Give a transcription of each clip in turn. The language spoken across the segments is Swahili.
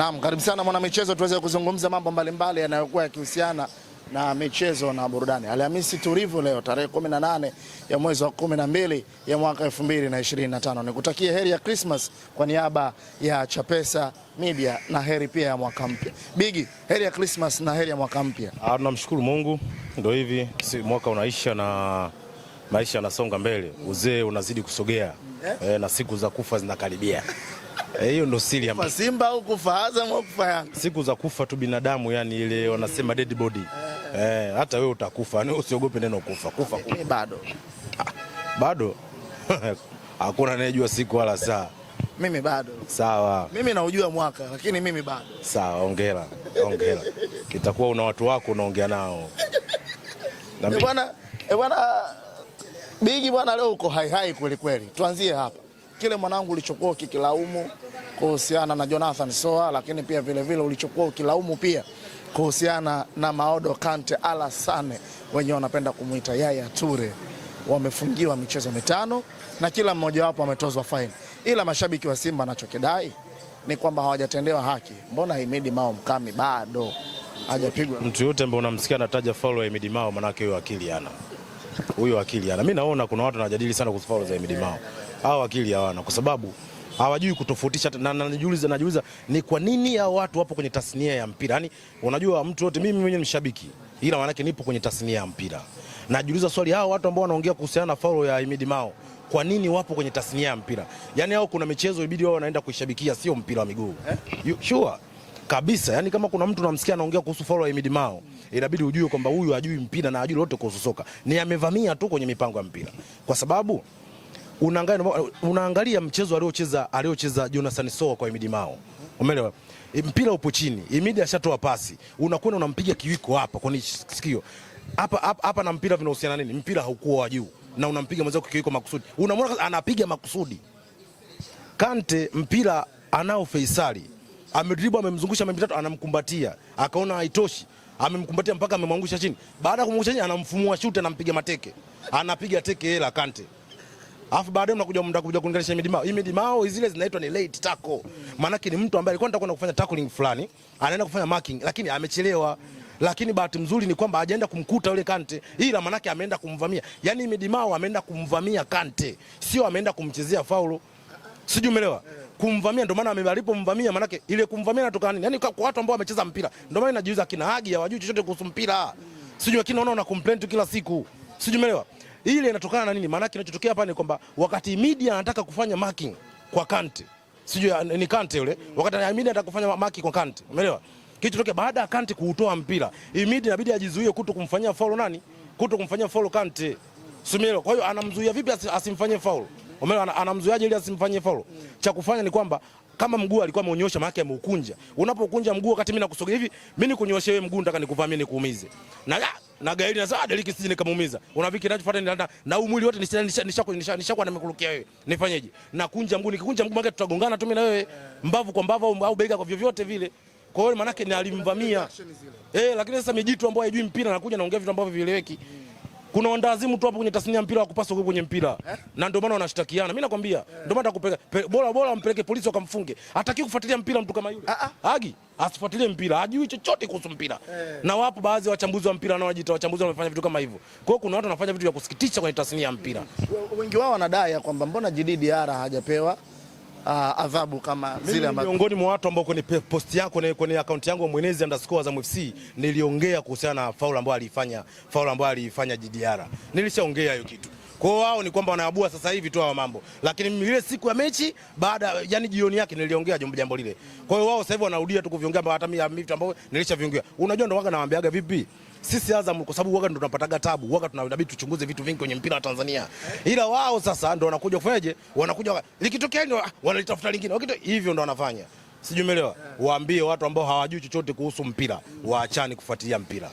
Naam, karibu sana michezo tuweze kuzungumza mambo mbalimbali yanayokuwa yakihusiana na michezo na burudani. Alhamisi tulivu leo tarehe 18 ya mwezi wa 12 ya mwaka 2025. Nikutakie heri ya Christmas kwa niaba ya Chapesa Media na heri pia ya mwaka mpya. Bigi, heri ya Christmas na heri ya mwaka mpya. Ah, tunamshukuru Mungu, ndio hivi mwaka unaisha na maisha yanasonga mbele, uzee unazidi kusogea eh, eh na siku za kufa zinakaribia Eh, hiyo ndo siri ya Simba au kufa Azam au kufa Yanga. Siku za kufa tu binadamu, yani ile wanasema dead body. Eh, eh hata wewe utakufa, ni usiogope neno kufa. Kufa eh, kufa bado bado, hakuna anayejua siku wala saa. Mimi bado sawa, mimi naujua mwaka, lakini mimi bado sawa. Ongera, ongera, kitakuwa una watu wako unaongea nao bwana. Bwana Bigi bwana, leo uko hai hai kweli kweli, tuanzie hapa kile mwanangu ulichokuwa ukikilaumu kuhusiana na Jonathan Soa, lakini pia vile vile ulichokuwa ukilaumu pia kuhusiana na Maodo Kante Alasane, wenyewe wanapenda kumuita Yaya Ture, wamefungiwa michezo mitano na kila mmoja wapo ametozwa faini, ila mashabiki wa Simba anachokidai ni kwamba hawajatendewa haki. Mbona Himidi Mao Mkami bado hajapigwa? Mtu yote ambaye unamsikia anataja faulu ya Himidi Mao, manake huyo akili ana huyo akili ana. Mimi naona kuna watu wanajadili sana kuhusu faulu za Himidi Mao hawa akili hawana, kwa sababu hawajui kutofautisha. Na najiuliza najiuliza ni kwa nini hao watu wapo kwenye tasnia ya mpira. Yani unajua mtu wote, mimi mwenyewe ni mshabiki, ila maanake nipo kwenye tasnia ya mpira. Najiuliza swali, hao watu ambao wanaongea kuhusiana na faulo ya Imidi Mao kwa nini wapo kwenye tasnia ya mpira? Yani hao kuna michezo ibidi wao wanaenda kuishabikia, sio mpira wa miguu eh? Sure kabisa. Yani kama kuna mtu namsikia anaongea kuhusu faulo ya Imidi Mao inabidi ujue kwamba huyu hajui mpira na hajui lolote kuhusu soka, ni amevamia tu kwenye mipango ya mpira kwa sababu unaangalia, unaangalia mchezo aliocheza aliocheza Jonathan Soa kwa Imidi Mao, umeelewa? Mpira upo chini, Imidi ashatoa pasi, unakwenda unampiga kiwiko hapa kwani sikio hapa hapa na mpira vinahusiana nini? Mpira haukuwa wa juu na unampiga mwenzako kiwiko makusudi, unamwona anapiga makusudi. Kante mpira anao Faisali, amedribu amemzungusha mambi tatu, anamkumbatia, akaona haitoshi amemkumbatia mpaka amemwangusha chini. Baada ya kumwangusha chini, anamfumua shuti, anampiga mateke, anapiga teke hela Kante. Alafu baadaye unakuja mtakuja kuunganisha midimao. Hii midimao zile zinaitwa ni late tackle. Maana ni mtu ambaye alikuwa anataka kufanya tackling fulani, anaenda kufanya marking lakini amechelewa. Lakini bahati mzuri ni kwamba hajaenda kumkuta yule Kante. Ila maana yake ameenda kumvamia. Yaani midimao ameenda kumvamia Kante. Sio ameenda kumchezea faulu. Sijui umeelewa? Kumvamia ndio maana alipomvamia maana yake ile kumvamia natoka nini? Yaani kwa watu ambao wamecheza mpira. Ndio maana inajiuza kina Hagi hawajui chochote kuhusu mpira. Sijui lakini unaona una complain tu kila siku. Sijui umeelewa? ile inatokana na nini? Maana kinachotokea hapa ni kwamba wakati media anataka kufanya marking kwa Kante, sijui ah, ni Kante yule, wakati ya media anataka kufanya marking kwa Kante, umeelewa Kitu kichotokea baada ya Kante kuutoa mpira, media inabidi ajizuie kuto kumfanyia faulu nani, kuto kumfanyia faulu Kante, umeelewa? Kwa hiyo anamzuia vipi asimfanyie faulu? Umeelewa, anamzuiaje ili asimfanyie faulu? Cha kufanya ni kwamba kama mguu alikuwa ameonyosha maana yake ameukunja. Unapokunja mguu wakati mimi nakusogea hivi, mimi nikunyoshe wewe mguu nataka nikuvamie nikuumize. Na na Gaeli na saa Deriki sisi nikamuumiza. unaviki kinachofuata ni na huu mwili wote nishakuwa nisha, nisha, nisha, nisha, nisha nimekurukia wewe. Nifanyeje? Nakunja mguu, nikikunja mguu mwangu tutagongana tu mimi na wewe. Mbavu kwa mbavu au, bega kwa vyovyote vile. Kwa hiyo maana yake ni alimvamia. Eh, lakini sasa mijitu ambao haijui mpira nakuja naongea vitu ambavyo vieleweki kuna wandazimu tu hapo kwenye tasnia ya mpira wakupaswa kuwa kwenye mpira eh? na ndio maana wanashtakiana. Mimi nakwambia eh. Ndio maana atakupeka bora bora ampeleke polisi wakamfunge. Hataki kufuatilia mpira mtu kama yule ah, ah. Agi asifuatilie mpira, hajui chochote kuhusu mpira eh. Na wapo baadhi ya wachambuzi wa mpira wanaojiita wachambuzi wanafanya vitu kama hivyo. Kwa hiyo kuna watu wanafanya vitu vya kusikitisha kwenye tasnia ya mpira, wengi wao wanadai kwamba mbona Jididi Ara hajapewa uh, adhabu kama zile ambazo miongoni mwa watu ambao kwenye posti yako na kwenye akaunti yangu mwenezi underscore Azam FC niliongea kuhusiana na faulu ambayo alifanya faulu ambayo alifanya JDR, nilishaongea hiyo kitu kwa wao ni kwamba wanaabua sasa hivi tu hao mambo, lakini mimi ile siku ya mechi baada, yani jioni yake niliongea jambo jambo lile. Kwa hiyo wao sasa hivi wanarudia tu kuviongea, hata mimi vitu ambavyo nilishaviongea. Unajua ndo wanga nawaambiaga vipi sisi Azam kwa sababu waga ndo tunapataga tabu, waga tunabidi tuchunguze vitu vingi kwenye mpira wa Tanzania, ila wao sasa ndo wanakuja kufanyaje? Wanakuja likitokea ndio ah, wanalitafuta lingine, hivyo ndo wanafanya sijui, umeelewa? Waambie watu ambao hawajui chochote kuhusu mpira waachane kufuatilia mpira.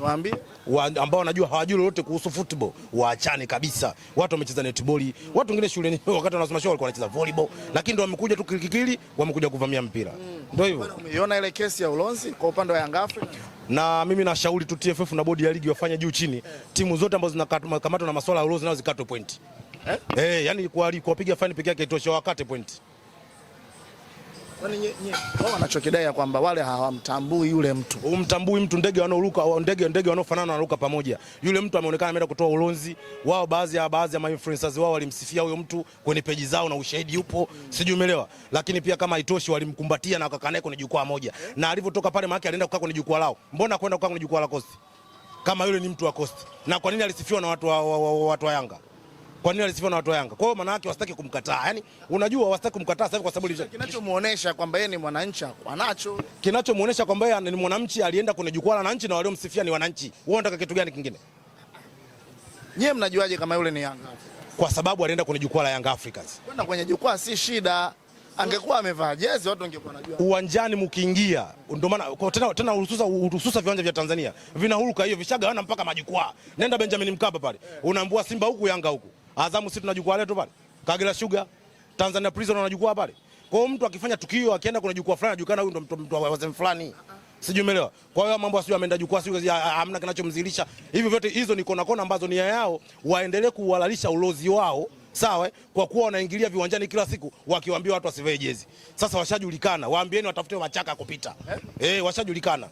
Niwaambie wa, ambao wanajua hawajui lolote kuhusu football waachane kabisa. Watu wamecheza netball, watu wengine shuleni wakati wanasoma shule walikuwa wanacheza volleyball, lakini ndio wamekuja tu kikikili, wamekuja kuvamia mpira. mm. Ndio hivyo. Umeiona ile kesi ya Ulonzi kwa upande wa Young Africans? Na mimi nashauri tu TFF na bodi ya ligi wafanye juu chini, yeah. timu zote ambazo zinakamatwa na masuala ya Ulonzi nazo zikatwe point. Eh? Hey, eh, yani kuwapiga fine peke yake itoshe, wakate point wanachokidai ya kwamba wale hawamtambui yule mtu. Umtambui mtu, ndege wanaoruka, ndege ndege wanaofanana wanaruka pamoja. Yule mtu ameonekana ameenda kutoa ulonzi wao, baadhi ya baadhi ya influencers wao walimsifia huyo mtu kwenye peji zao na ushahidi yupo, sijui umeelewa. Lakini pia kama haitoshi, walimkumbatia na wakakaa naye kwenye jukwaa moja, na alivyotoka pale, maana alienda kukaa kwenye jukwaa lao. Mbona kwenda kukaa kwenye jukwaa la Coast kama yule ni mtu wa Coast? Na kwa nini alisifiwa na watu wa, wa, wa, wa, watu wa Yanga? kwa nini alisifiwa na watu wa Yanga? Kwa hiyo maana yake wasitaki kumkataa. Yaani unajua wasitaki kumkataa sasa hivi kwa sababu kinachomuonesha kwamba yeye ni mwananchi anacho. Kinachomuonesha kwamba yeye ni mwananchi alienda kwenye jukwaa la wananchi na waliomsifia ni wananchi. Wewe unataka kitu gani kingine? Nyie mnajuaje kama yule ni Yanga? Kwa sababu alienda kwenye jukwaa la Young Africans. Kwenda kwenye jukwaa si shida. Angekuwa amevaa jezi watu wangekuwa wanajua. Uwanjani mkiingia ndio maana kwa tena tena hususa hususa viwanja vya Tanzania vinahuruka hiyo vishaga wana mpaka majukwaa. Nenda Benjamin Mkapa pale. Eh. Unaambua Simba huku Yanga huku. Azamu sisi tuna jukwaa letu pale, Kagera Sugar, Tanzania Prison wana jukwaa pale. Kwa hiyo mtu akifanya tukio akienda kuna jukwaa fulani anajulikana huyu ndo mtu wa wazee fulani. Sijui umeelewa. Kwa hiyo mambo asio ameenda jukwaa sio hamna kinachomzilisha. Hivi vyote hizo ni kona kona ambazo nia yao waendelee kuhalalisha ulozi wao. Sawa, kwa kuwa wanaingilia viwanjani kila siku wakiwaambia watu wasivae jezi. Sasa washajulikana, waambieni watafute machaka kupita. Eh, eh washajulikana.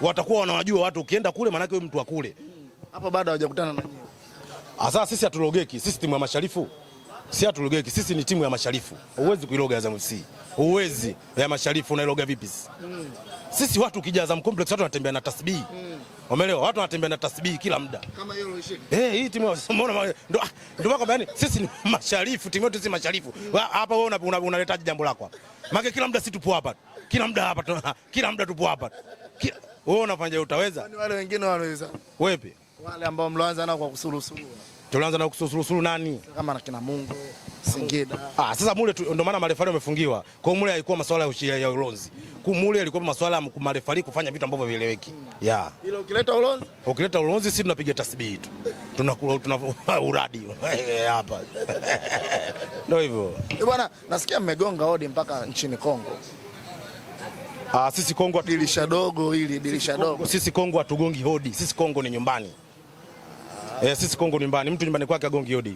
Watakuwa wanawajua watu ukienda kule maana yake mtu wa kule. Hapo bado hawajakutana na nyinyi. Azaa sisi hatulogeki, sisi timu ya masharifu, si hatulogeki, sisi ni timu ya masharifu. Huwezi kuiloga Azam FC, huwezi ya masharifu, unailoga vipi? Sisi Sisi watu kija Azam Complex watu wanatembea na tasbihi mm. Umeelewa? Watu wanatembea na tasbihi kila muda kama hiyo sheet. Eh, hii timu unaona, ah, ndio ndio kwamba yani, sisi ni masharifu, timu yetu si masharifu hapa. Wewe unaletaje una, una jambo lako hapa? Maana kila muda sisi tupo hapa, kila muda hapa, kila muda tupo hapa. Wewe unafanya utaweza? Wale wengine wanaweza. Wepi? Wale ambao mlianza nao kwa kusulusulu. Tulianza nao kusulusulu nani? Kama na kina Mungu, Singida. Ah, sasa mule ndio maana marefari wamefungiwa. Kwa mule haikuwa masuala ya, ushia ya ulonzi. Kwa mule ilikuwa masuala ya marefari kufanya vitu ambavyo vieleweki. Ya. Yeah. Ile ukileta ulonzi? Ukileta ulonzi sisi tunapiga tasbihi tu. Tunakula tunavua uradi hapa. Ndio hivyo. Eh, bwana, nasikia mmegonga hodi mpaka nchini Kongo. Ah, sisi Kongo dirisha dogo hili dirisha dogo. Sisi Kongo hatugongi hodi. Sisi Kongo ni nyumbani. Eh, sisi Kongo nyumbani, mtu nyumbani kwake agongi hodi.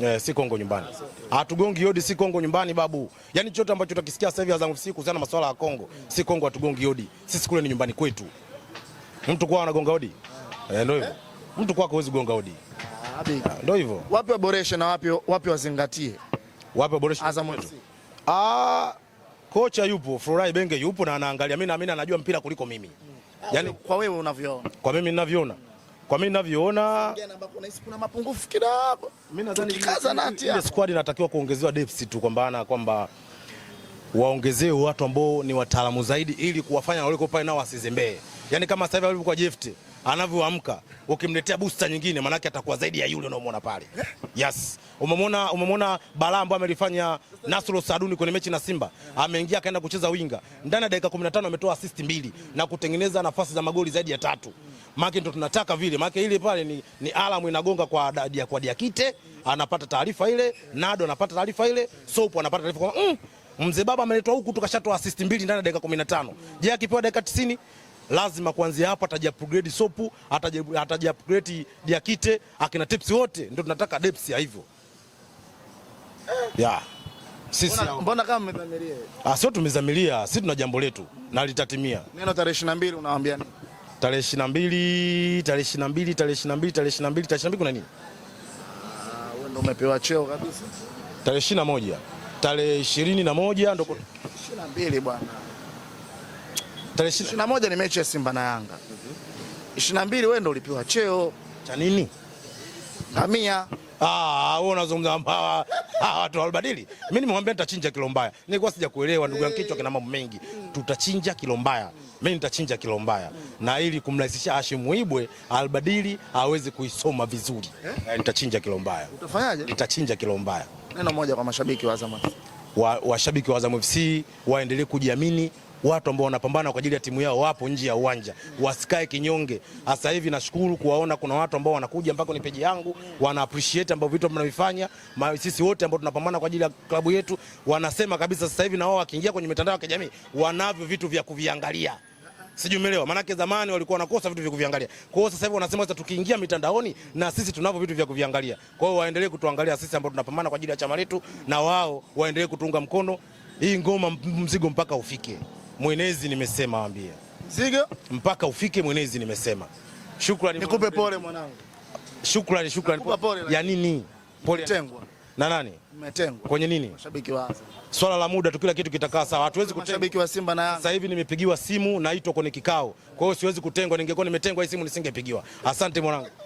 Eh, si Kongo nyumbani. Hatugongi hodi, si Kongo nyumbani babu. Yaani chote ambacho tutakisikia sasa hivi Azam FC kuhusiana na masuala ya Kongo, si Kongo hatugongi hodi. Sisi kule ni nyumbani kwetu. Mtu kwao anagonga hodi? Eh, ndio hivyo. Mtu kwako huwezi kugonga hodi. Ah, ah, ndio hivyo. Wapi waboreshe na wapi wapi wazingatie? Wapi waboreshe? Azam FC. Ah, kocha yupo, Florai Benge yupo na anaangalia. Mimi naamini anajua mpira kuliko mimi. Ah, yaani kwa wewe unavyoona. Kwa mimi ninavyoona. Kwa mimi ninavyoona kuna mapungufu kidogo. Mimi nadhani kaza nati ya squad inatakiwa kuongezewa depth tu, kwa maana kwamba waongezee watu ambao ni wataalamu zaidi, ili kuwafanya waliko pale nao wasizembee. Yani kama sasa hivi alipo kwa Jeft anavyoamka, ukimletea booster nyingine, maana yake atakuwa zaidi ya yule unaomwona pale. Eh? Yes, umemwona umemwona balaa ambayo amelifanya Nasro Saduni kwenye mechi na Simba, ameingia akaenda kucheza winga, ndani ya dakika 15 ametoa assist mbili na kutengeneza nafasi za magoli zaidi ya tatu. Maki ndo tunataka vile, maki ile pale ni, ni alamu inagonga kwa dia, kwa Diakite anapata taarifa ile, Nado anapata taarifa ile, Sopo anapata taarifa kwa mm, mzee baba ameletwa huku tukashatoa assist mbili ndani ya dakika 15. Je, akipewa dakika 90 lazima kuanzia hapo ataja upgrade Sopu, ataja upgrade Diakite, akina tips wote ndio tunataka depth ya hivyo. Yeah. Sisi mbona kama mmedhamiria? Ah, sio tumedhamiria, sisi tuna jambo letu na litatimia. Neno tarehe 22 unawaambia nini? tarehe 22, tarehe 22, tarehe 22, tarehe 22, tarehe 22 kuna nini? Ah, wewe ndio umepewa cheo kabisa. Tarehe 21, tarehe 21 ndio 22 bwana. Tarehe 21 ni mechi ya Simba na Yanga. 22 wewe ndio ulipewa cheo cha nini? Ngamia. Ah, wewe unazungumza hawa watu Albadili. Mimi nimemwambia nitachinja kilombaya. Nilikuwa sijakuelewa ndugu yangu, kichwa kina mambo mengi. Tutachinja kilombaya. Mimi nitachinja kilombaya. Na ili kumrahisisha Hashim Mwibwe albadili aweze kuisoma vizuri. Eh? Nitachinja kilombaya. Utafanyaje? Nitachinja kilombaya. Neno moja kwa mashabiki wa Azam. Washabiki wa Azam FC waendelee kujiamini, watu ambao wanapambana kwa ajili ya timu yao wapo nje ya uwanja, wasikae kinyonge. Sasa hivi nashukuru kuwaona kuna watu ambao wanakuja mpaka ni peji yangu, wana appreciate ambao vitu mnavifanya, sisi wote ambao tunapambana kwa ajili ya klabu yetu, wanasema kabisa sasa hivi na wao wakiingia kwenye mitandao ya kijamii wanavyo vitu vya kuviangalia sijui umeelewa, maanake zamani walikuwa wanakosa vitu vya kuviangalia. Kwa hiyo sasa hivi wanasema sasa tukiingia mitandaoni na sisi tunavyo vitu vya kuviangalia. Kwa hiyo waendelee kutuangalia sisi ambao tunapambana kwa ajili ya chama letu, na wao waendelee kutuunga mkono. Hii ngoma mzigo mpaka ufike mwenezi nimesema, waambie Ziga mpaka ufike mwenezi nimesema. Shukrani, nikupe pole mwanangu. Shukrani, shukrani. Ya nini? Pole tengwa na nani? Mmetengwa kwenye nini? Mashabiki wa Azam. Swala la muda tu, kila kitu kitakaa sawa, hatuwezi kutengwa. Mashabiki wa Simba na Yanga. Sasa hivi nimepigiwa simu, naitwa kwenye kikao, kwa hiyo siwezi kutengwa. Ningekuwa nimetengwa hii simu nisingepigiwa. Asante mwanangu.